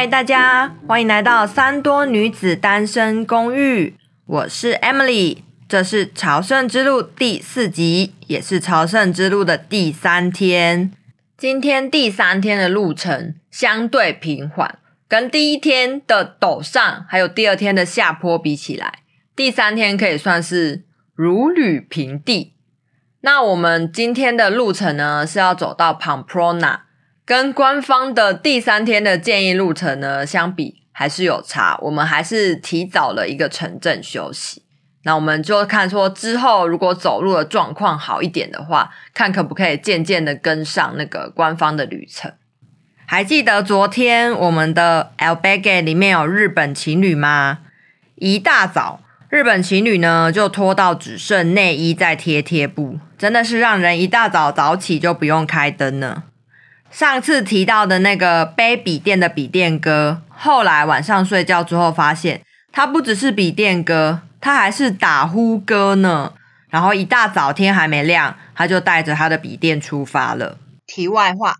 嗨，大家歡迎來到三多女子單身公寓。我是 Emily，這是朝聖之路第四集，也是朝聖之路的第三天。今天第三天的路程相對平緩，跟第一天的陡上還有第二天的下坡比起來，第三天可以算是如履平地。那我們今天的路程呢，是要走到 Pamplona。跟官方的第三天的建議路程呢，相比，還是有差。我們還是提早了一個城鎮休息。那我們就看說之後如果走路的狀況好一點的話，看可不可以漸漸的跟上那個官方的旅程。還記得昨天我們的 Albergue 裡面有日本情侶嗎？一大早，日本情侶呢就脫到只剩內衣在貼貼布，真的是讓人一大早早起就不用開燈了。上次提到的那個背筆電的筆電哥，後來晚上睡覺之後發現，他不只是筆電哥，他還是打呼哥呢。然後一大早天還沒亮，他就帶着他的筆電出發了。題外話，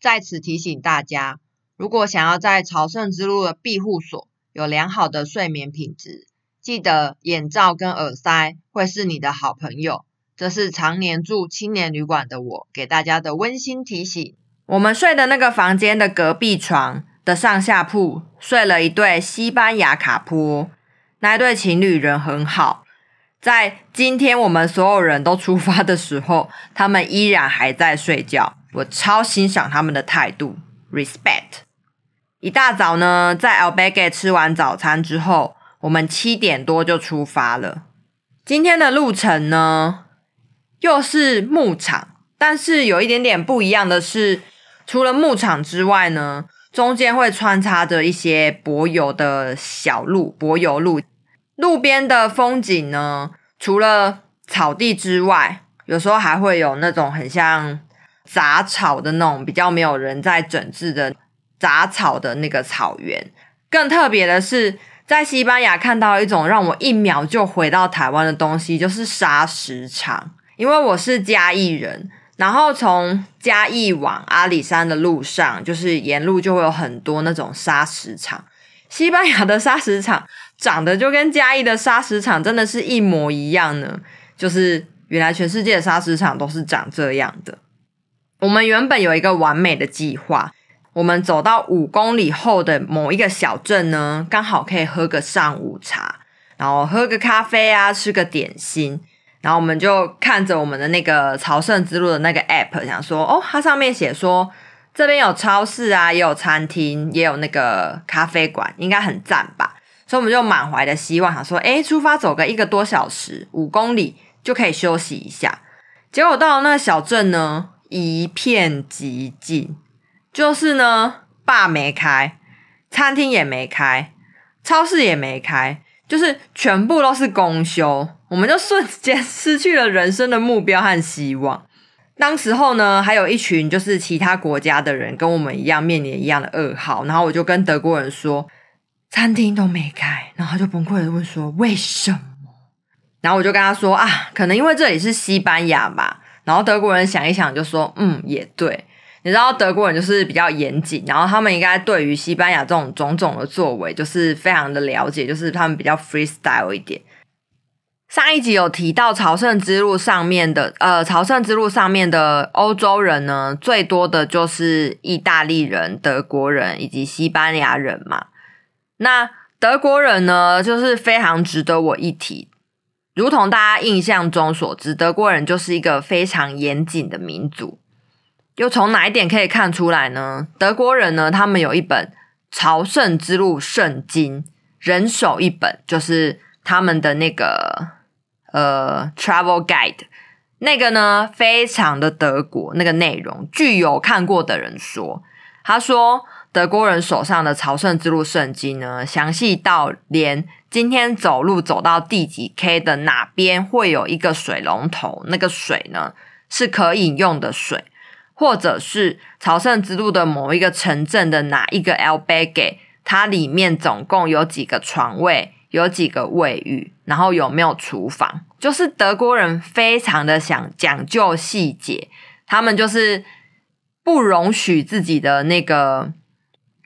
在此提醒大家，如果想要在朝聖之路的庇護所有良好的睡眠品質，記得眼罩跟耳塞會是你的好朋友。這是常年住青年旅館的我給大家的溫馨提醒。我們睡的那個房間的隔壁床的上下鋪睡了一對西班牙卡坡，那一對情侶人很好。在今天我們所有人都出發的時候，他們依然還在睡覺。我超欣賞他們的態度，respect。一大早呢，在 Albergue 吃完早餐之後，我們七點多就出發了。今天的路程呢，又是牧場，但是有一點點不一樣的是。除了牧場之外呢，中間會穿插着一些柏油的小路，柏油路。路邊的風景呢，除了草地之外，有時候還會有那種很像雜草的那種比較沒有人在整治的雜草的那個草原。更特別的是，在西班牙看到一種讓我一秒就回到台灣的東西，就是砂石場，因為我是嘉義人。然後從嘉義往阿里山的路上，就是沿路就會有很多那種砂石場，西班牙的砂石場長得就跟嘉義的砂石場真的是一模一樣呢。就是原來全世界的砂石場都是長這樣的。我們原本有一個完美的計劃，我們走到五公里後的某一個小鎮呢，剛好可以喝個上午茶，然後喝個咖啡啊，吃個點心。然後我們就看着我們的那個朝聖之路的那個 app，想說哦，它上面寫說這邊有超市啊，也有餐廳，也有那個咖啡館，應該很讚吧。所以我們就滿懷的希望，想說誒，出發走個一個多小時，五公里就可以休息一下。結果到了那個小鎮呢，一片寂靜，就是呢，吧沒開，餐廳也沒開，超市也沒開，就是全部都是公休。我們就瞬間失去了人生的目標和希望。當時候呢，還有一群就是其他國家的人跟我們一樣面臨一樣的噩耗。然後我就跟德國人說，餐廳都沒開，然後他就崩潰的問說為什麼？然後我就跟他說啊，可能因為這裡是西班牙吧。然後德國人想一想，就說嗯，也對。你知道德國人就是比較嚴謹，然後他們應該對於西班牙這種種種的作為就是非常的了解，就是他們比較 freestyle 一點。上一集有提到朝聖之路上面的，呃，朝聖之路上面的歐洲人呢，最多的就是意大利人、德國人以及西班牙人嘛。那德國人呢，就是非常值得我一提，如同大家印象中所知，德國人就是一個非常嚴謹的民族。又從哪一點可以看出來呢？德國人呢，他們有一本《朝聖之路》聖經，人手一本，就是他們的那個。呃，travel guide 那個呢，非常的德國那個內容，據有看過的人說，他說德國人手上的朝聖之路聖經呢，詳細到連今天走路走到第幾 k 的哪邊會有一個水龍頭，那個水呢是可以飲用的水，或者是朝聖之路的某一個城鎮的哪一個 albergue 它裡面總共有幾個床位，有幾個衛浴？然後有沒有廚房？就是德國人非常的想講究細節，他們就是不容許自己的那個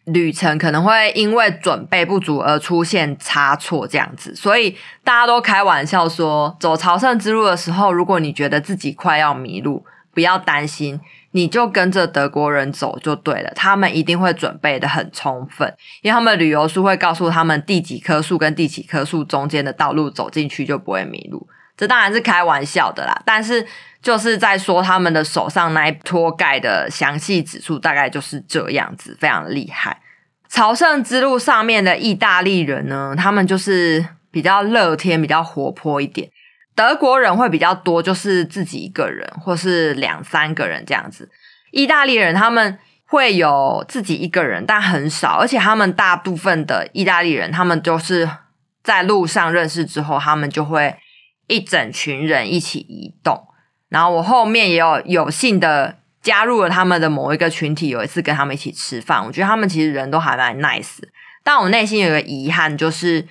旅程可能會因為準備不足而出現差錯這樣子。所以大家都開玩笑說，走朝聖之路的時候，如果你覺得自己快要迷路，不要擔心。你就跟着德國人走就對了，他們一定會準備的很充分，因為他們的旅遊書會告訴他們第幾棵樹跟第幾棵樹中間的道路走進去就不會迷路。這當然是開玩笑的啦，但是就是在說他們的手上那一拖蓋的詳細指數大概就是這樣子，非常厲害。朝聖之路上面的意大利人呢，他們就是比較樂天、比較活潑一點。德國人會比較多，就是自己一個人或是兩三個人這樣子。意大利人他們會有自己一個人，但很少，而且他們大部分的意大利人，他們就是在路上認識之後，他們就會一整群人一起移動。然後我後面也有有幸的加入了他們的某一個群體，有一次跟他們一起吃飯，我覺得他們其實人都還蠻 nice，但我內心有個遺憾就是。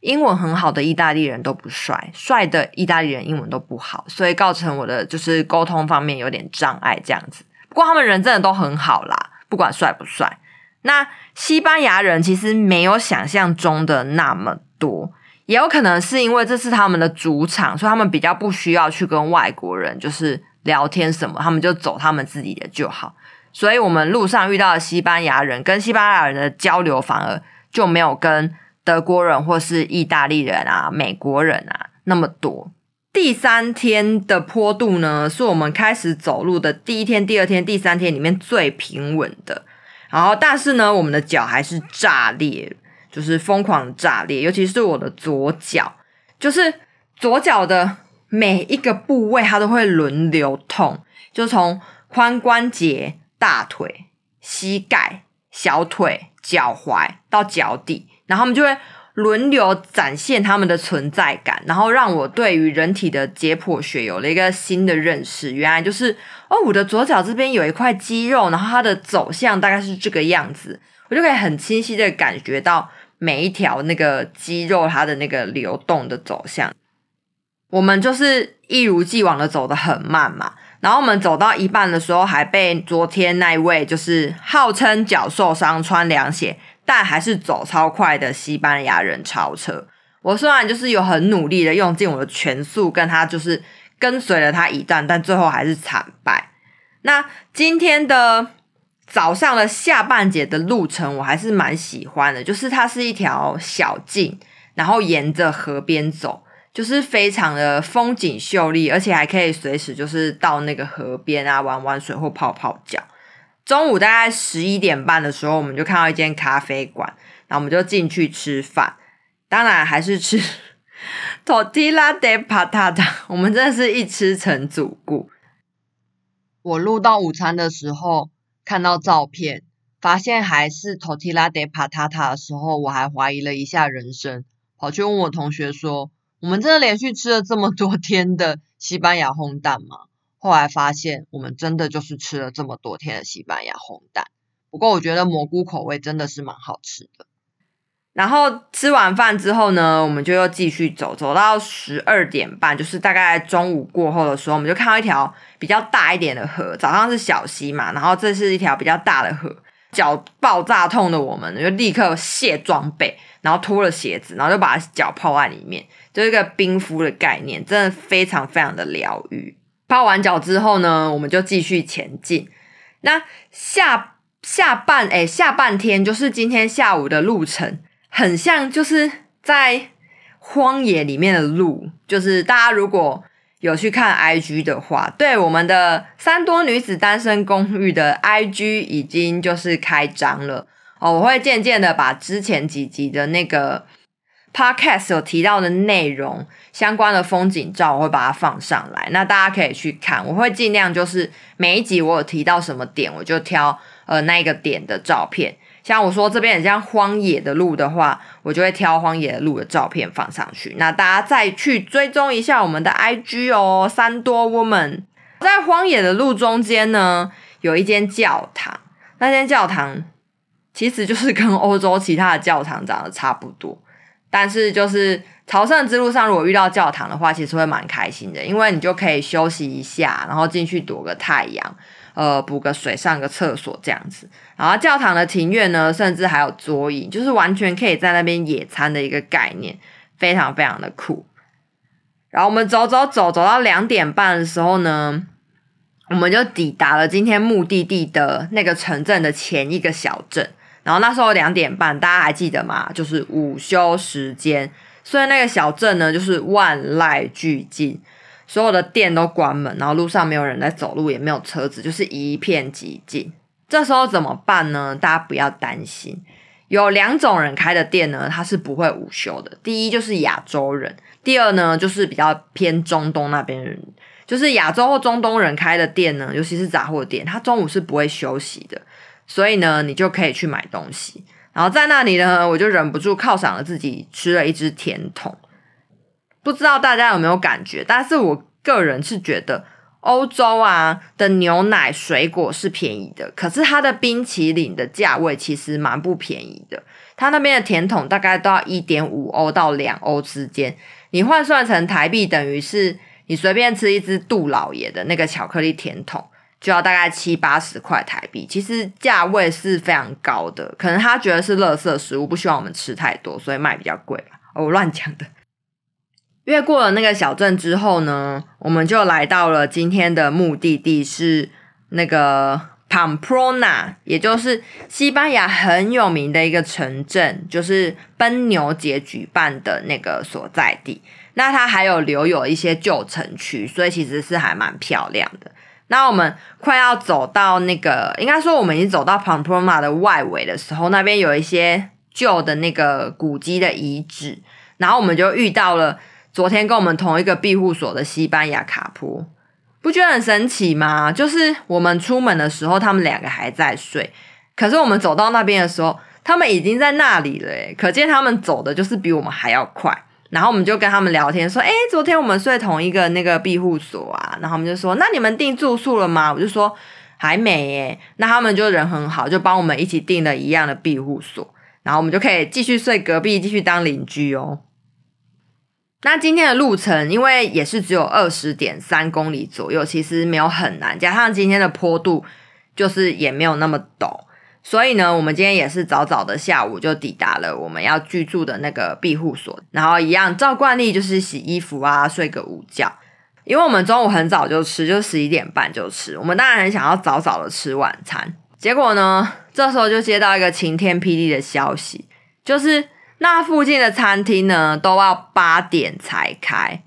英文很好的意大利人都不帥，帥的意大利人英文都不好，所以造成我的就是溝通方面有點障礙這樣子。不過他們人真的都很好啦，不管帥不帥。那西班牙人其實沒有想象中的那麼多，也有可能是因為這是他們的主場，所以他們比較不需要去跟外國人就是聊天什麼，他們就走他們自己的就好。所以我們路上遇到了西班牙人跟西班牙人的交流反而就沒有跟。德國人或是意大利人啊，美國人啊，那麼多。第三天的坡度呢，是我們開始走路的第一天、第二天、第三天裡面最平穩的。然後，但是呢，我們的腳還是炸裂，就是瘋狂炸裂。尤其是我的左腳，就是左腳的每一個部位，它都會輪流痛，就從髖關節、大腿、膝蓋、小腿、腳踝到腳底。然後我們就會輪流展現他們的存在感，然後讓我對於人體的解剖學有了一個新的認識。原來就是，哦，我的左腳這邊有一塊肌肉，然後它的走向大概是這個樣子，我就可以很清晰的感覺到每一條那個肌肉它的那個流動的走向。我們就是一如既往的走得很慢嘛，然後我們走到一半的時候，還被昨天那位就是號稱腳受傷穿涼鞋，但還是走超快的西班牙人超車。我雖然就是有很努力的用盡我的全速跟他，就是跟隨了他一段，但最後還是慘敗。那今天的早上的下半截的路程，我還是蠻喜歡的，就是它是一條小徑，然後沿着河邊走，就是非常的風景秀麗，而且還可以隨時就是到那個河邊啊玩玩水或泡泡腳。中午大概十一點半的時候，我們就看到一間咖啡館，然後我們就進去吃飯。當然還是吃托提拉德帕塔塔，我們真的是一吃成主顧。我錄到午餐的時候看到照片，發現還是托提拉德帕塔塔的時候，我還懷疑了一下人生，跑去問我同學說：“我們真的連續吃了這麼多天的西班牙烘蛋嗎？”後來發現，我們真的就是吃了這麼多天的西班牙紅蛋。不過，我覺得蘑菇口味真的是蠻好吃的。然後吃完飯之後呢，我們就又繼續走，走到十二點半，就是大概中午過後的時候，我們就看到一條比較大一點的河。早上是小溪嘛，然後這是一條比較大的河。腳爆炸痛的我們，就立刻卸裝備，然後脫了鞋子，然後就把腳泡在裡面，就是一個冰敷的概念，真的非常非常的療癒。泡完腳之後呢，我們就繼續前進。那下下半誒、欸，下半天就是今天下午的路程，很像就是在荒野裡面的路。就是大家如果有去看 IG 的話，對我們的三多女子單身公寓的 IG 已經就是開張了哦。我會漸漸的把之前幾集的那個。Podcast 有提到的內容相關的風景照，我會把它放上來，那大家可以去看。我會盡量就是每一集我有提到什麼點，我就挑呃那一個點的照片。像我說這邊很像荒野的路的話，我就會挑荒野的路的照片放上去。那大家再去追蹤一下我們的 IG 哦，三多 woman 在荒野的路中間呢，有一間教堂。那間教堂其實就是跟歐洲其他的教堂長得差不多。但是，就是朝聖之路上，如果遇到教堂的話，其實會蠻開心的，因為你就可以休息一下，然後進去躲個太陽，呃，補個水，上個廁所這樣子。然後教堂的庭院呢，甚至還有桌椅，就是完全可以在那邊野餐的一個概念，非常非常的酷。然後我們走走走，走到兩點半的時候呢，我們就抵達了今天目的地的那個城鎮的前一個小鎮。然後那時候兩點半，大家還記得嗎？就是午休時間。所以那個小鎮呢，就是萬籟俱靜，所有的店都關門，然後路上沒有人在走路，也沒有車子，就是一片寂靜。這時候怎麼辦呢？大家不要擔心，有兩種人開的店呢，他是不會午休的。第一就是亞洲人，第二呢就是比較偏中東那邊人，就是亞洲或中東人開的店呢，尤其是雜貨店，他中午是不會休息的。所以呢，你就可以去買東西。然後在那裡呢，我就忍不住犒賞了自己，吃了一支甜筒。不知道大家有沒有感覺？但是我個人是覺得，歐洲啊的牛奶、水果是便宜的，可是它的冰淇淋的價位其實蠻不便宜的。它那邊的甜筒大概都要一點五歐到兩歐之間，你換算成台幣，等於是你隨便吃一支杜老爺的那個巧克力甜筒。就要大概七八十塊台幣，其實價位是非常高的。可能他覺得是垃圾食物，不希望我們吃太多，所以賣比較貴吧。哦，我亂講的。越過了那個小鎮之後呢，我們就來到了今天的目的地，是那個 Pamplona 也就是西班牙很有名的一個城鎮，就是奔牛節舉辦的那個所在地。那它還有留有一些舊城區，所以其實是還蠻漂亮的。那我們快要走到那個，應該說我們已經走到龐普 m a 的外圍的時候，那邊有一些舊的那個古蹟的遺址，然後我們就遇到了昨天跟我們同一個庇護所的西班牙卡坡，不覺得很神奇嗎？就是我們出門的時候，他們兩個還在睡，可是我們走到那邊的時候，他們已經在那裡了耶，可見他們走的就是比我們還要快。然後我們就跟他們聊天，說：“誒，昨天我們睡同一個那個庇護所啊。”然後我們就說：“那你們訂住宿了嗎？”我就說：“還沒耶。”那他們就人很好，就幫我們一起訂了一樣的庇護所，然後我們就可以繼續睡隔壁，繼續當鄰居哦。那今天的路程，因為也是只有二十點三公里左右，其實沒有很難。加上今天的坡度，就是也沒有那麼陡。所以呢，我們今天也是早早的下午就抵達了我們要居住的那個庇護所，然後一樣照慣例就是洗衣服啊，睡個午覺。因為我們中午很早就吃，就十一點半就吃。我們當然很想要早早的吃晚餐，結果呢，這時候就接到一個晴天霹靂的消息，就是那附近的餐廳呢都要八點才開，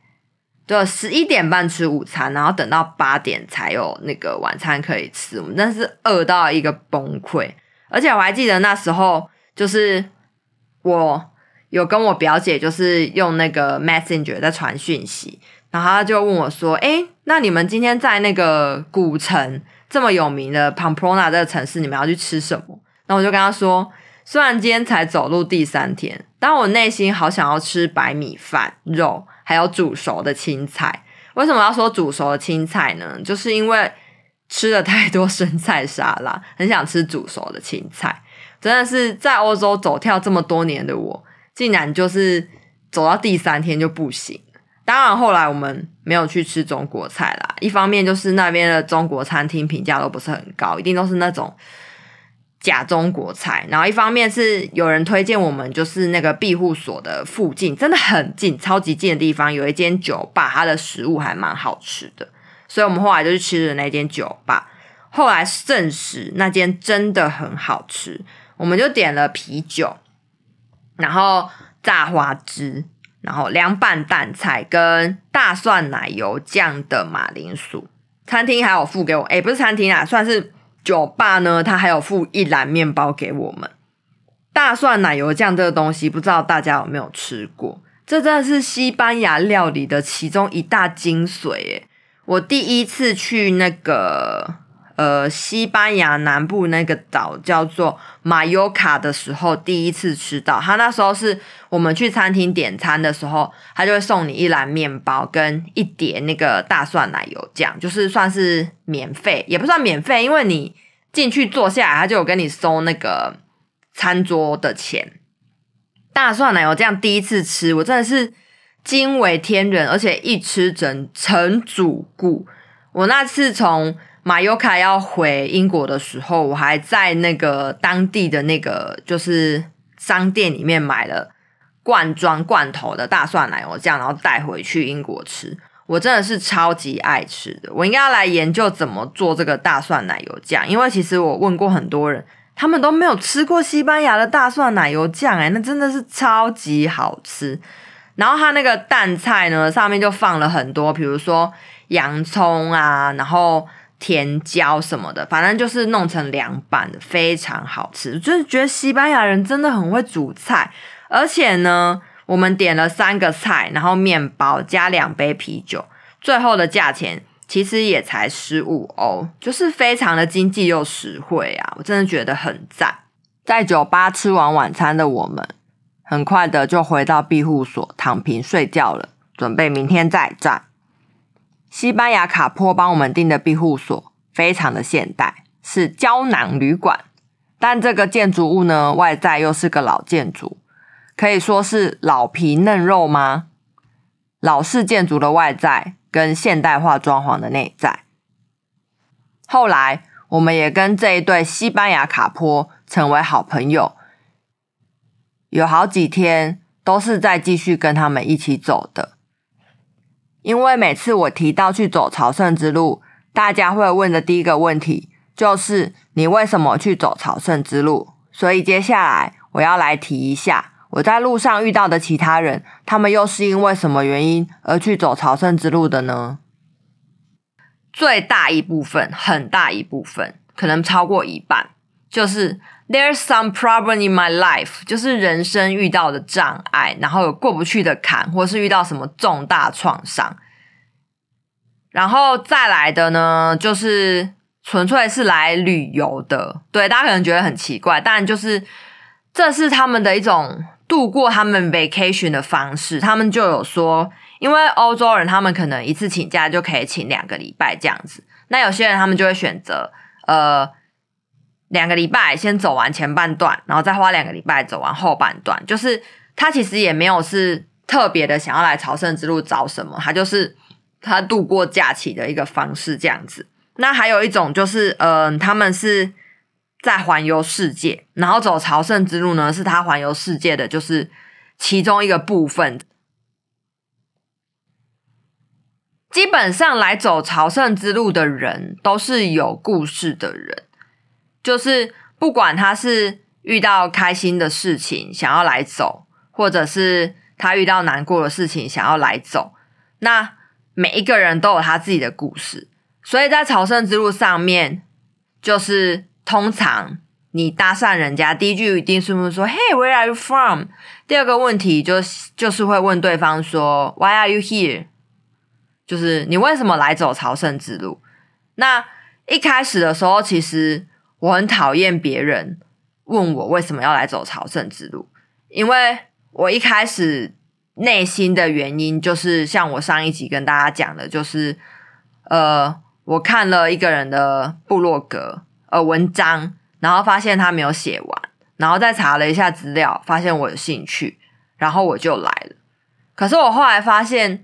就十一點半吃午餐，然後等到八點才有那個晚餐可以吃。我們真是餓到一個崩潰。而且我還記得那時候，就是我有跟我表姐，就是用那個 Messenger 在傳訊息，然後她就問我說：“哎，那你們今天在那個古城這麼有名的 Pamplona 這個城市，你們要去吃什麼？”然後我就跟她說：“雖然今天才走路第三天，但我內心好想要吃白米飯、肉，還有煮熟的青菜。為什麼要說煮熟的青菜呢？就是因為……”吃了太多生菜沙拉，很想吃煮熟的青菜。真的是在歐洲走跳這麼多年的我，竟然就是走到第三天就不行。當然，後來我們沒有去吃中國菜啦。一方面就是那邊的中國餐廳評價都不是很高，一定都是那種假中國菜。然後一方面是有人推薦我們，就是那個庇護所的附近，真的很近，超級近的地方有一間酒吧，它的食物還蠻好吃的。所以我們後來就去吃了那間酒吧，後來證實那間真的很好吃。我們就點了啤酒，然後炸花枝，然後涼拌淡菜跟大蒜奶油醬的馬鈴薯。餐廳還有付給我，誒、欸、不是餐廳啊，算是酒吧呢。他還有付一籃麵包給我們。大蒜奶油醬這個東西，不知道大家有沒有吃過？這真的是西班牙料理的其中一大精髓、欸，誒我第一次去那個呃西班牙南部那個島叫做馬尤卡的時候，第一次吃到他那時候是我們去餐廳點餐的時候，他就會送你一籃麵包跟一碟那個大蒜奶油醬，就是算是免費，也不算免費，因為你進去坐下來，他就有跟你收那個餐桌的錢。大蒜奶油醬第一次吃，我真的是。驚為天人，而且一吃整成主顧。我那次從馬約卡，要回英國的時候，我還在那個當地的那個就是商店裡面買了罐裝罐頭的大蒜奶油醬，然後帶回去英國吃。我真的是超級愛吃的，我應該要來研究怎麼做這個大蒜奶油醬，因為其實我問過很多人，他們都沒有吃過西班牙的大蒜奶油醬，欸，誒，那真的是超級好吃。然後它那個淡菜呢，上面就放了很多，比如說洋蔥啊，然後甜椒什麼的，反正就是弄成涼拌的，非常好吃。就是覺得西班牙人真的很會煮菜，而且呢，我們點了三個菜，然後麵包加兩杯啤酒，最後的價錢其實也才十五歐，就是非常的經濟又實惠啊！我真的覺得很讚。在酒吧吃完晚餐的我們，很快的就回到庇護所躺平睡覺了，準備明天再戰。西班牙卡坡幫我們訂的庇護所非常的現代，是膠囊旅館，但這個建築物呢，外在又是個老建築，可以說是老皮嫩肉嗎？老式建築的外在跟現代化裝潢的內在。後來我們也跟這一對西班牙卡坡成為好朋友。有好幾天都是在繼續跟他們一起走的。因為每次我提到去走朝聖之路，大家會問的第一個問題就是你為什麼去走朝聖之路？所以接下來我要來提一下我在路上遇到的其他人，他們又是因為什麼原因而去走朝聖之路的呢？最大一部分，很大一部分，可能超過一半，就是。There's some problem in my life，就是人生遇到的障礙，然後有過不去的坎，或是遇到什麼重大創傷。然後再來的呢，就是純粹是來旅遊的。對，大家可能覺得很奇怪，但就是這是他們的一種度過他們 vacation 的方式。他們就有說，因為歐洲人他們可能一次請假就可以請兩個禮拜這樣子。那有些人他們就會選擇，呃，兩個禮拜先走完前半段，然後再花兩個禮拜走完後半段。就是他其實也沒有是特別的想要來朝聖之路找什麼，他就是他度過假期的一個方式這樣子。那還有一種就是，嗯、呃，他們是在環遊世界，然後走朝聖之路呢，是他環遊世界的，就是其中一個部分。基本上來走朝聖之路的人都是有故事的人。就是不管他是遇到開心的事情想要來走，或者是他遇到難過的事情想要來走，那每一個人都有他自己的故事。所以在朝聖之路上面，就是通常你搭訕人家第一句一定是，是說 “Hey, where are you from？” 第二個問題就是就是會問對方說 “Why are you here？” 就是你為什麼來走朝聖之路？那一開始的時候，其實。我很討厭別人問我為什麼要來走朝聖之路，因為我一開始內心的原因就是像我上一集跟大家講的，就是呃，我看了一個人的部落格呃，文章，然後發現他沒有寫完，然後再查了一下資料，發現我有興趣，然後我就來了。可是我後來發現，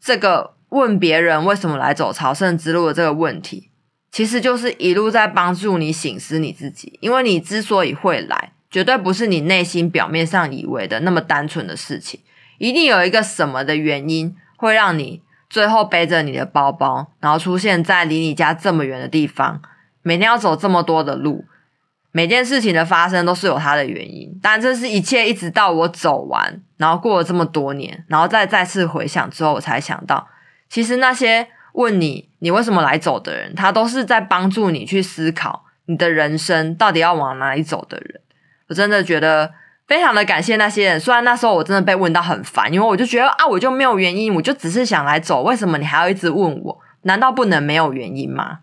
這個問別人為什麼來走朝聖之路的這個問題。其實就是一路在幫助你省思你自己，因為你之所以會來，絕對不是你內心表面上以為的那麼單純的事情，一定有一個什麼的原因，會讓你最後背着你的包包，然後出現在離你家這麼遠的地方，每天要走這麼多的路，每件事情的發生都是有它的原因。但這是一切，一直到我走完，然後過了這麼多年，然後再再次回想之後，我才想到，其實那些。問你你為什麼來走的人，他都是在幫助你去思考你的人生到底要往哪裡走的人。我真的覺得非常的感謝那些人，雖然那時候我真的被問到很煩，因為我就覺得啊，我就沒有原因，我就只是想來走，為什麼你還要一直問我？難道不能沒有原因嗎？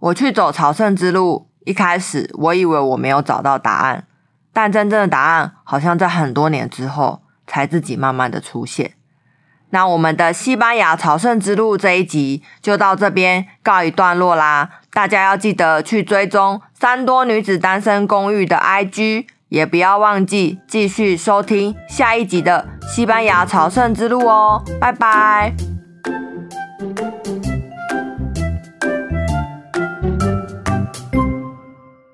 我去走朝聖之路，一開始我以為我沒有找到答案，但真正的答案好像在很多年之後才自己慢慢的出現。那我們的西班牙朝聖之路這一集就到這邊告一段落啦，大家要記得去追蹤三多女子單身公寓的 IG，也不要忘記繼續收聽下一集的西班牙朝聖之路哦，拜拜。